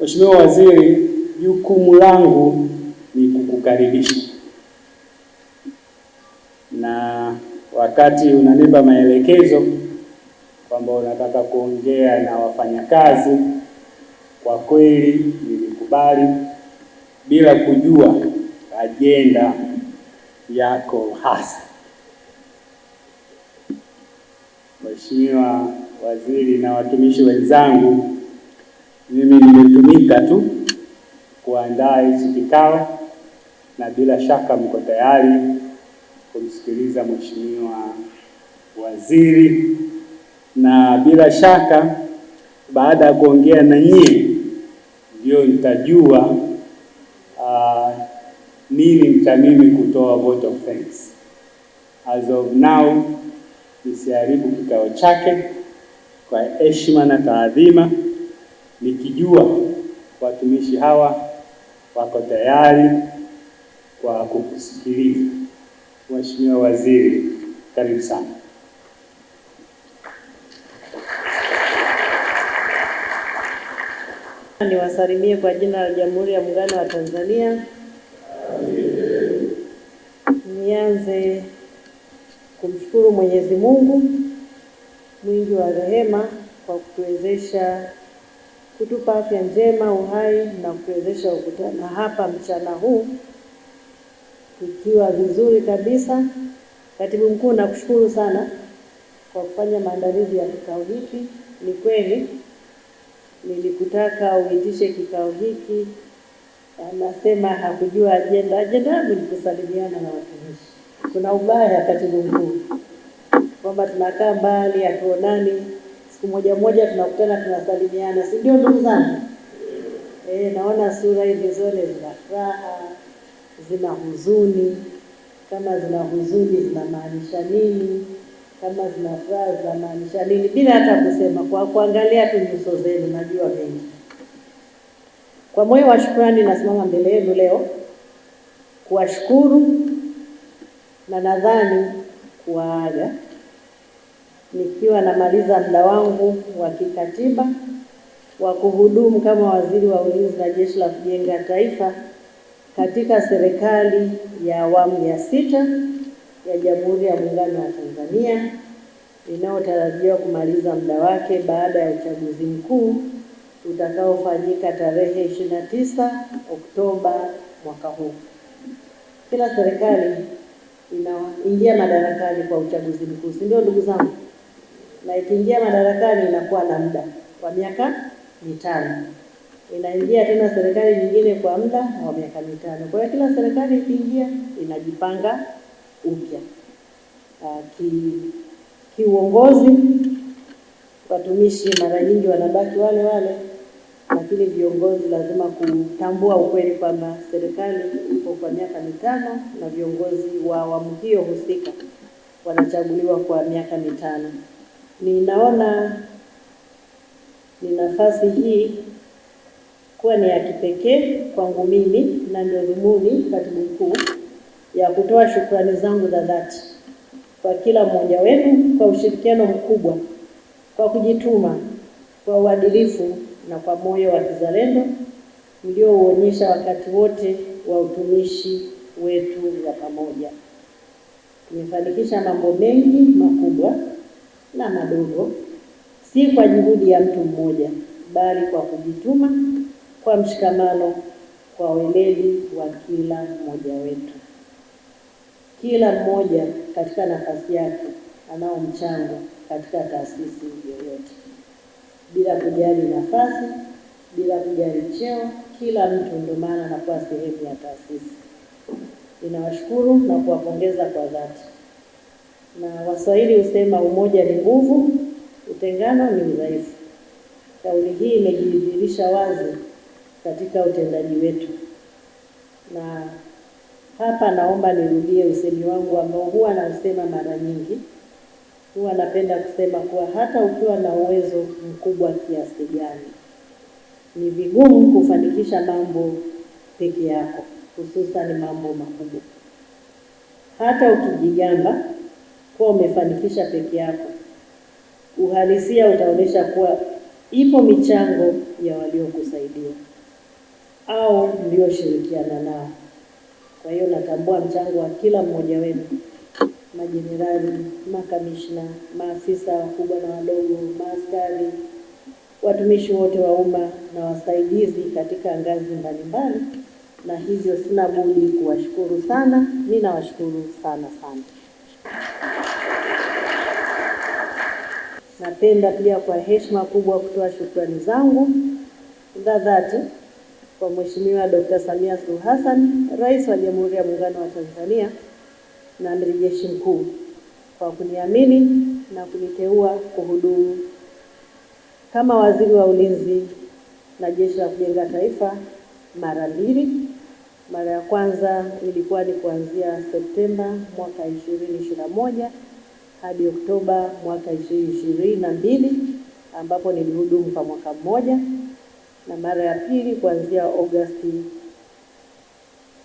Mheshimiwa Waziri, jukumu langu ni kukukaribisha, na wakati unanipa maelekezo kwamba unataka kuongea na wafanyakazi, kwa kweli nilikubali bila kujua ajenda yako hasa. Mheshimiwa Waziri na watumishi wenzangu limetumika tu kuandaa hichi kikao, na bila shaka mko tayari kumsikiliza mheshimiwa waziri, na bila shaka baada ya kuongea na nyie ndio nitajua uh, nini mtamimi kutoa vote of thanks. As of now, nisiharibu kikao chake kwa heshima na taadhima kujua watumishi hawa wako tayari kwa kukusikiliza. Mheshimiwa Waziri, karibu sana. Niwasalimie kwa jina la Jamhuri ya Muungano wa Tanzania. Nianze kumshukuru Mwenyezi Mungu mwingi wa rehema kwa kutuwezesha kutupa afya njema, uhai na kuwezesha kukutana hapa mchana huu tukiwa vizuri kabisa. Katibu Mkuu, nakushukuru sana kwa kufanya maandalizi ya kikao hiki. Ni kweli nilikutaka uitishe kikao hiki, anasema hakujua ajenda. Ajenda yangu ni kusalimiana na watumishi. Kuna ubaya, Katibu Mkuu, kwamba tunakaa mbali, hatuonani siku moja moja tunakutana tunasalimiana, si ndio ndugu zangu? E, naona sura hizi zote zina furaha, zina huzuni. Kama zina huzuni zinamaanisha nini? Kama zina furaha zinamaanisha nini? Bila hata kusema, kwa kuangalia tu nyuso zenu najua mengi. Kwa moyo wa shukrani nasimama mbele yenu leo kuwashukuru na nadhani kuwaaga nikiwa namaliza muda wangu wa kikatiba wa kuhudumu kama Waziri wa Ulinzi na Jeshi la Kujenga Taifa katika serikali ya awamu ya sita ya Jamhuri ya Muungano wa Tanzania inayotarajiwa kumaliza muda wake baada ya uchaguzi mkuu utakaofanyika tarehe 29 Oktoba mwaka huu. Kila serikali inaingia madarakani kwa uchaguzi mkuu, si ndio ndugu zangu? na ikiingia madarakani inakuwa na muda kwa miaka mitano, inaingia tena serikali nyingine kwa muda wa miaka mitano. Kwa hiyo kila serikali ikiingia inajipanga upya ah, kiuongozi. watumishi mara nyingi wanabaki wale wale, lakini viongozi lazima kutambua ukweli kwamba serikali ipo kwa miaka mitano na viongozi wa awamu hiyo husika wanachaguliwa kwa miaka mitano. Ninaona ni nafasi hii kuwa ni ya kipekee kwangu mimi na ndio dhumuni, katibu mkuu, ya kutoa shukrani zangu za dhati kwa kila mmoja wenu kwa ushirikiano mkubwa, kwa kujituma, kwa uadilifu na kwa moyo wa kizalendo mliouonyesha wakati wote wa utumishi wetu wa pamoja. Tumefanikisha mambo mengi makubwa na madogo, si kwa juhudi ya mtu mmoja, bali kwa kujituma, kwa mshikamano, kwa weledi wa kila mmoja wetu. Kila mmoja katika nafasi yake anao mchango katika taasisi yoyote, bila kujali nafasi, bila kujali cheo. Kila mtu ndio maana anakuwa sehemu ya taasisi. Ninawashukuru na kuwapongeza kwa dhati na Waswahili husema umoja ni nguvu, utengano ni udhaifu. Kauli hii imejidhihirisha wazi katika utendaji wetu, na hapa naomba nirudie usemi wangu ambao huwa nausema mara nyingi. Huwa napenda kusema kuwa hata ukiwa na uwezo mkubwa kiasi gani, ni vigumu kufanikisha mambo peke yako, hususan mambo makubwa. Hata ukijigamba kuwa umefanikisha peke yako. Uhalisia utaonyesha kuwa ipo michango ya waliokusaidia au mlioshirikiana nao. Kwa hiyo natambua mchango wa kila mmoja wenu, majenerali, makamishna, maafisa wakubwa na wadogo, maaskari, watumishi wote wa umma na wasaidizi katika ngazi mbalimbali, na hivyo sina budi kuwashukuru sana. Ninawashukuru sana sana. Napenda pia kwa heshima kubwa kutoa shukrani zangu za dhati kwa Mheshimiwa Dkt. Samia Suluhu Hassan, Rais wa Jamhuri ya Muungano wa Tanzania na Amiri Jeshi Mkuu kwa kuniamini na kuniteua kuhudumu kama Waziri wa Ulinzi na Jeshi la Kujenga Taifa mara mbili mara ya kwanza ilikuwa ni kuanzia Septemba mwaka ishirini hadi Oktoba mwaka ishirini na mbili ambapo nilihudumu kwa mwaka mmoja, na mara ya pili kuanzia Agosti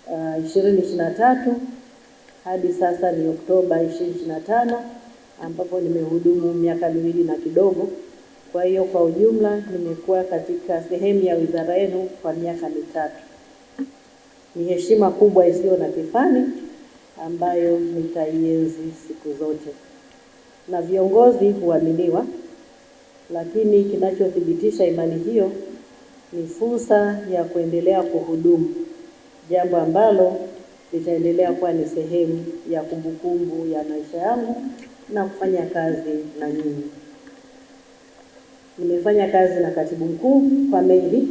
uh, 2023 hadi sasa ni Oktoba 2025 ambapo nimehudumu miaka miwili na kidogo. Kwa hiyo kwa ujumla nimekuwa katika sehemu ya wizara yenu kwa miaka mitatu. Ni heshima kubwa isiyo na kifani ambayo nitaienzi siku zote. Na viongozi huaminiwa, lakini kinachothibitisha imani hiyo ni fursa ya kuendelea kuhudumu, jambo ambalo litaendelea kuwa ni sehemu ya kumbukumbu ya maisha yangu na kufanya kazi na nyinyi. Nimefanya kazi na katibu mkuu kwa meli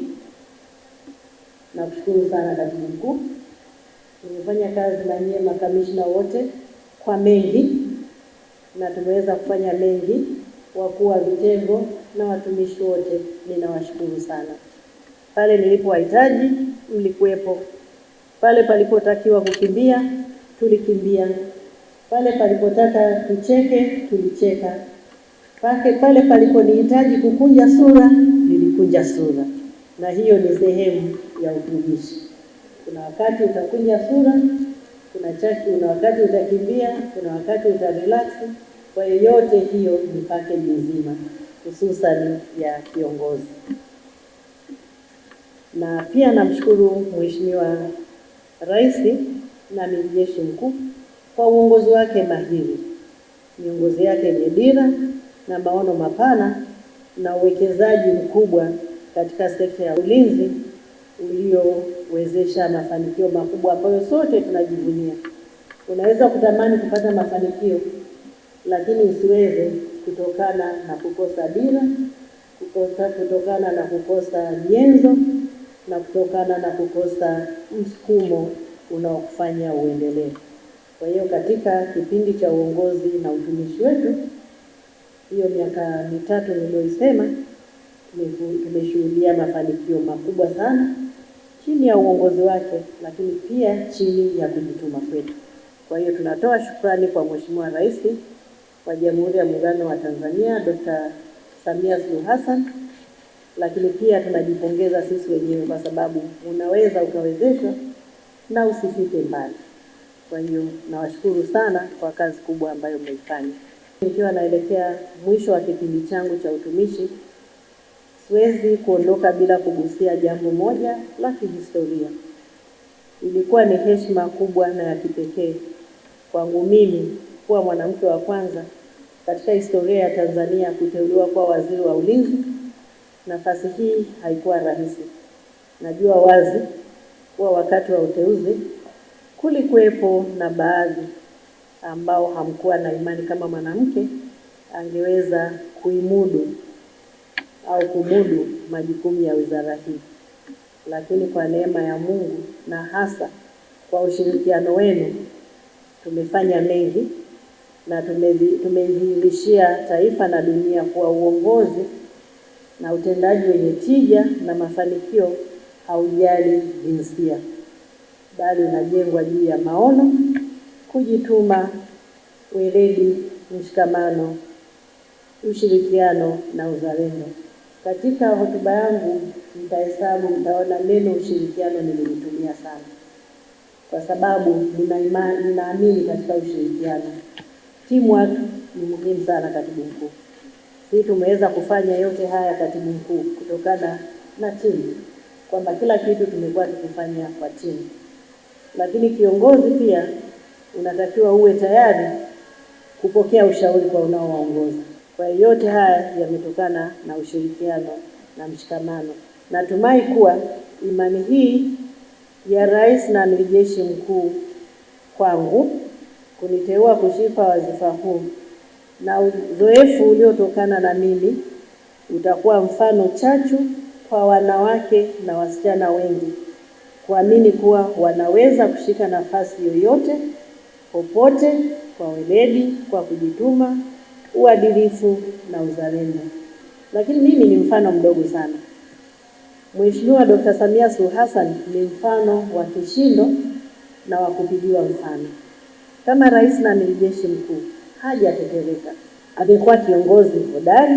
Namshukuru sana katibu mkuu, tumefanya kazi na nyie makamishna wote kwa mengi, na tumeweza kufanya mengi. Wakuu wa vitengo na watumishi wote ninawashukuru sana. Pale nilipowahitaji mlikuwepo, pale palipotakiwa kukimbia tulikimbia, pale palipotaka tucheke tulicheka, pake pale paliponihitaji kukunja sura nilikunja sura, na hiyo ni sehemu ya utumishi. Kuna wakati utakunja sura, kuna chaki, kuna wakati utakimbia, kuna wakati utarelaksi. Kwa hiyo yote hiyo ni pakeji nzima hususani ya kiongozi. Na pia namshukuru Mheshimiwa Rais na Amiri Jeshi Mkuu kwa uongozi wake mahiri, miongozi yake yenye dira na maono mapana na uwekezaji mkubwa katika sekta ya ulinzi uliowezesha mafanikio makubwa ambayo sote tunajivunia. Unaweza kutamani kupata mafanikio lakini usiweze kutokana na kukosa dira, kukosa kutokana na kukosa nyenzo na kutokana na kukosa msukumo unaokufanya uendelee. Kwa hiyo katika kipindi cha uongozi na utumishi wetu, hiyo miaka mitatu niliyoisema, tumeshuhudia mafanikio makubwa sana chini ya uongozi wake, lakini pia chini ya kujituma kwetu. Kwa hiyo tunatoa shukrani kwa Mheshimiwa Rais wa Jamhuri ya Muungano wa Tanzania Dr. Samia Suluhu Hassan, lakini pia tunajipongeza sisi wenyewe kwa sababu unaweza ukawezeshwa na usifike mbali. Kwa hiyo nawashukuru sana kwa kazi kubwa ambayo mmeifanya. Nikiwa naelekea mwisho wa kipindi changu cha utumishi Siwezi kuondoka bila kugusia jambo moja la kihistoria. Ilikuwa ni heshima kubwa na ya kipekee kwangu mimi kuwa mwanamke wa kwanza katika historia ya Tanzania kuteuliwa kuwa waziri wa ulinzi. Nafasi hii haikuwa rahisi. Najua wazi kuwa wakati wa uteuzi kulikuwepo na baadhi ambao hamkuwa na imani kama mwanamke angeweza kuimudu au kumudu majukumu ya wizara hii, lakini kwa neema ya Mungu na hasa kwa ushirikiano wenu tumefanya mengi na tumeidhihirishia taifa na dunia kuwa uongozi na utendaji wenye tija na mafanikio haujali jinsia, bali unajengwa juu ya maono, kujituma, weledi, mshikamano, ushirikiano na uzalendo. Katika hotuba yangu mtahesabu, mtaona neno ushirikiano nimelitumia sana, kwa sababu nina imani, ninaamini katika ushirikiano. Teamwork ni muhimu sana, katibu mkuu. Sisi tumeweza kufanya yote haya, katibu mkuu, kutokana na timu, kwamba kila kitu tumekuwa tukifanya kwa timu. Lakini kiongozi pia unatakiwa uwe tayari kupokea ushauri kwa unaowaongoza. Kwa hiyo yote haya yametokana na ushirikiano na mshikamano. Natumai kuwa imani hii ya Rais na Amiri Jeshi Mkuu kwangu kuniteua kushika wadhifa huu na uzoefu uliotokana na mimi utakuwa mfano chachu kwa wanawake na wasichana wengi kuamini kuwa wanaweza kushika nafasi yoyote popote kwa weledi, kwa kujituma uadilifu na uzalendo. Lakini mimi ni mfano mdogo sana. Mheshimiwa Dr. Samia Suluhu Hassan ni mfano wa kishindo na wa kupigiwa mfano. Kama rais na amiri jeshi mkuu hajatetereka, amekuwa kiongozi hodari,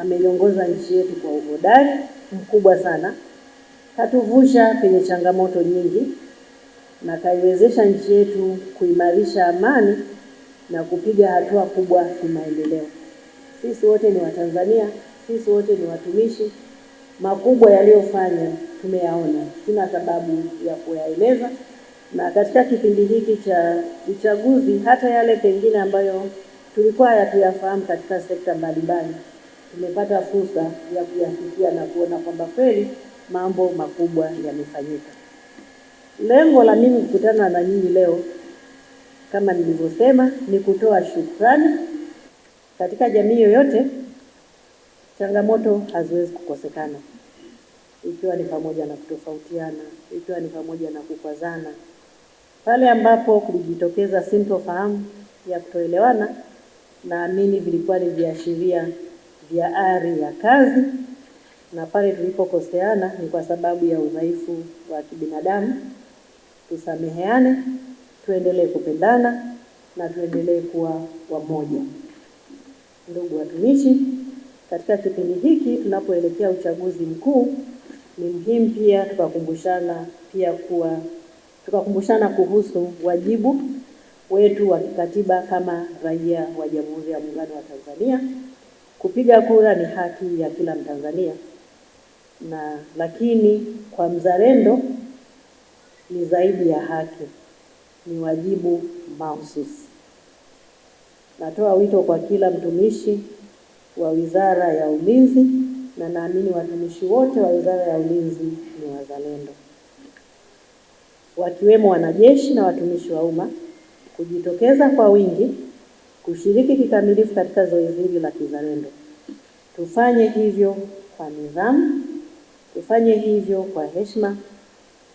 ameiongoza nchi yetu kwa uhodari mkubwa sana, katuvusha kwenye changamoto nyingi na kaiwezesha nchi yetu kuimarisha amani na kupiga hatua kubwa kimaendeleo. Sisi wote ni Watanzania, sisi wote ni watumishi. Makubwa yaliyofanya tumeyaona, sina sababu ya kuyaeleza. Na katika kipindi hiki cha uchaguzi, hata yale pengine ambayo tulikuwa hatuyafahamu katika sekta mbalimbali, tumepata fursa ya kuyafikia na kuona kwamba kweli mambo makubwa yamefanyika. Lengo la mimi kukutana na nyinyi leo kama nilivyosema, ni kutoa shukrani. Katika jamii yoyote changamoto haziwezi kukosekana, ikiwa ni pamoja na kutofautiana, ikiwa ni pamoja na kukwazana. Pale ambapo kulijitokeza sintofahamu ya kutoelewana, naamini vilikuwa ni viashiria vya ari ya kazi, na pale tulipokoseana ni kwa sababu ya udhaifu wa kibinadamu. Tusameheane tuendelee kupendana na tuendelee kuwa wamoja. Ndugu watumishi, katika kipindi hiki tunapoelekea uchaguzi mkuu, ni muhimu pia tukakumbushana pia kuwa tukakumbushana kuhusu wajibu wetu wa kikatiba kama raia wa Jamhuri ya Muungano wa Tanzania. Kupiga kura ni haki ya kila Mtanzania na lakini kwa mzalendo ni zaidi ya haki ni wajibu mahususi. Natoa wito kwa kila mtumishi wa Wizara ya Ulinzi na naamini watumishi wote wa Wizara ya Ulinzi ni wazalendo, wakiwemo wanajeshi na watumishi wa umma kujitokeza kwa wingi kushiriki kikamilifu katika zoezi hili la kizalendo. Tufanye hivyo kwa nidhamu, tufanye hivyo kwa heshima,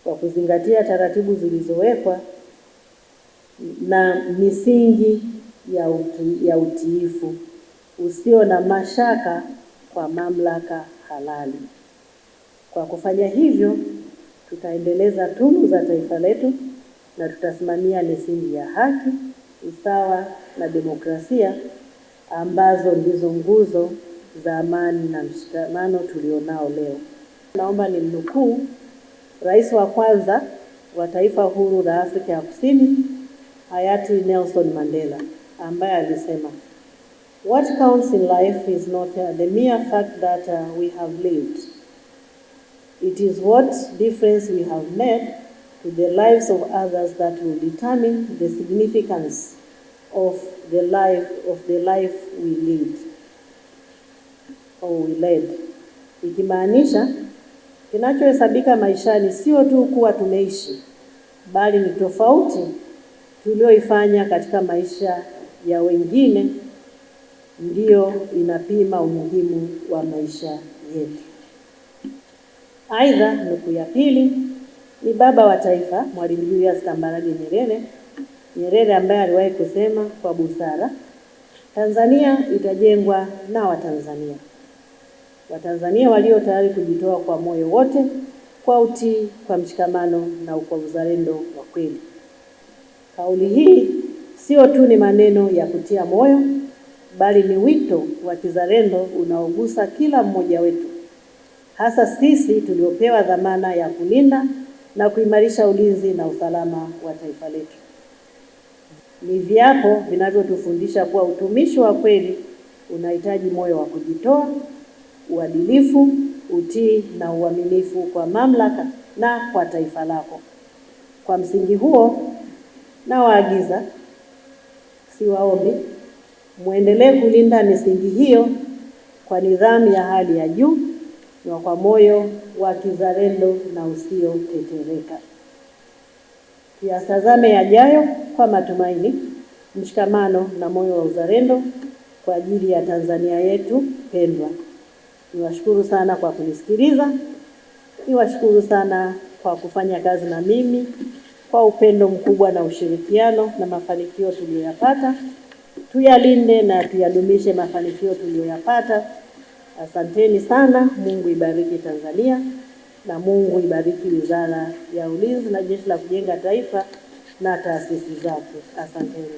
kwa kuzingatia taratibu zilizowekwa na misingi ya utu, ya utiifu usio na mashaka kwa mamlaka halali. Kwa kufanya hivyo, tutaendeleza tunu za taifa letu na tutasimamia misingi ya haki, usawa na demokrasia ambazo ndizo nguzo za amani na mshikamano tulionao leo. Naomba nimnukuu Rais wa kwanza wa taifa huru la Afrika ya Kusini hayati Nelson Mandela ambaye alisema what counts in life is not uh, the mere fact that uh, we have lived it is what difference we have made to the lives of others that will determine the significance of the life of the life we lived or we led, ikimaanisha kinachohesabika maishani sio tu kuwa tumeishi, bali ni tofauti tulioifanya katika maisha ya wengine ndiyo inapima umuhimu wa maisha yetu. Aidha, nukuu ya pili ni baba wa taifa Mwalimu Julius Kambarage Nyerere Nyerere ambaye aliwahi kusema kwa busara, Tanzania itajengwa na Watanzania, Watanzania walio tayari kujitoa kwa moyo wote, kwa utii, kwa mshikamano na kwa uzalendo wa kweli. Kauli hii sio tu ni maneno ya kutia moyo, bali ni wito wa kizalendo unaogusa kila mmoja wetu, hasa sisi tuliopewa dhamana ya kulinda na kuimarisha ulinzi na usalama wa taifa letu. Ni viapo vinavyotufundisha kuwa utumishi wa kweli unahitaji moyo wa kujitoa, uadilifu, utii na uaminifu kwa mamlaka na kwa taifa lako. Kwa msingi huo Nawaagiza, siwaombe, mwendelee kulinda misingi hiyo kwa nidhamu ya hali ya juu na kwa moyo wa kizalendo na usiotetereka. Tuyatazame yajayo kwa matumaini, mshikamano na moyo wa uzalendo kwa ajili ya Tanzania yetu pendwa. Niwashukuru sana kwa kunisikiliza. Niwashukuru sana kwa kufanya kazi na mimi kwa upendo mkubwa na ushirikiano na mafanikio tuliyoyapata, tuyalinde na tuyadumishe mafanikio tuliyoyapata. Asanteni sana. Mungu ibariki Tanzania na Mungu ibariki Wizara ya Ulinzi na Jeshi la Kujenga Taifa na taasisi zake. Asanteni.